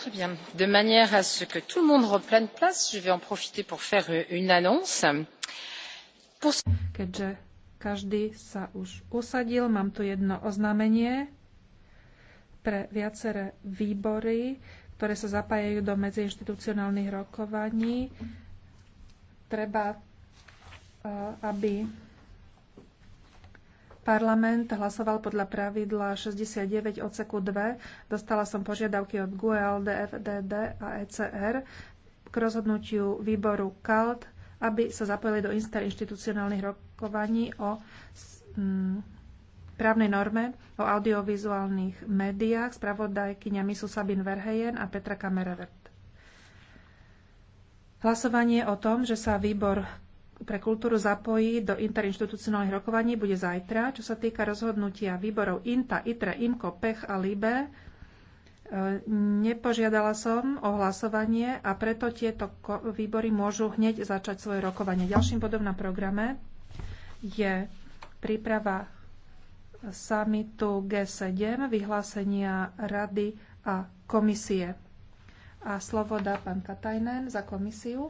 Très bien. De manière à ce que tout le monde reprenne place, je vais en profiter pour faire euh, une annonce. Keďže každý sa už usadil, mám tu jedno oznámenie pre viaceré výbory, ktoré sa zapájajú do medziinštitucionálnych rokovaní. Treba, e, aby Parlament hlasoval podľa pravidla 69 odseku 2. Dostala som požiadavky od GUE, DFDD a ECR k rozhodnutiu výboru CALD, aby sa zapojili do interinstitucionálnych rokovaní o mm, právnej norme o audiovizuálnych médiách. Spravodajkyňami sú Sabin Verheyen a Petra Kamerevert. Hlasovanie o tom, že sa výbor pre kultúru zapojí do interinstitucionálnych rokovaní, bude zajtra. Čo sa týka rozhodnutia výborov INTA, ITRE, IMKO, PECH a LIBE, e, nepožiadala som o hlasovanie a preto tieto výbory môžu hneď začať svoje rokovanie. Ďalším bodom na programe je príprava samitu G7, vyhlásenia Rady a komisie. A slovo dá pán Katajnen za komisiu.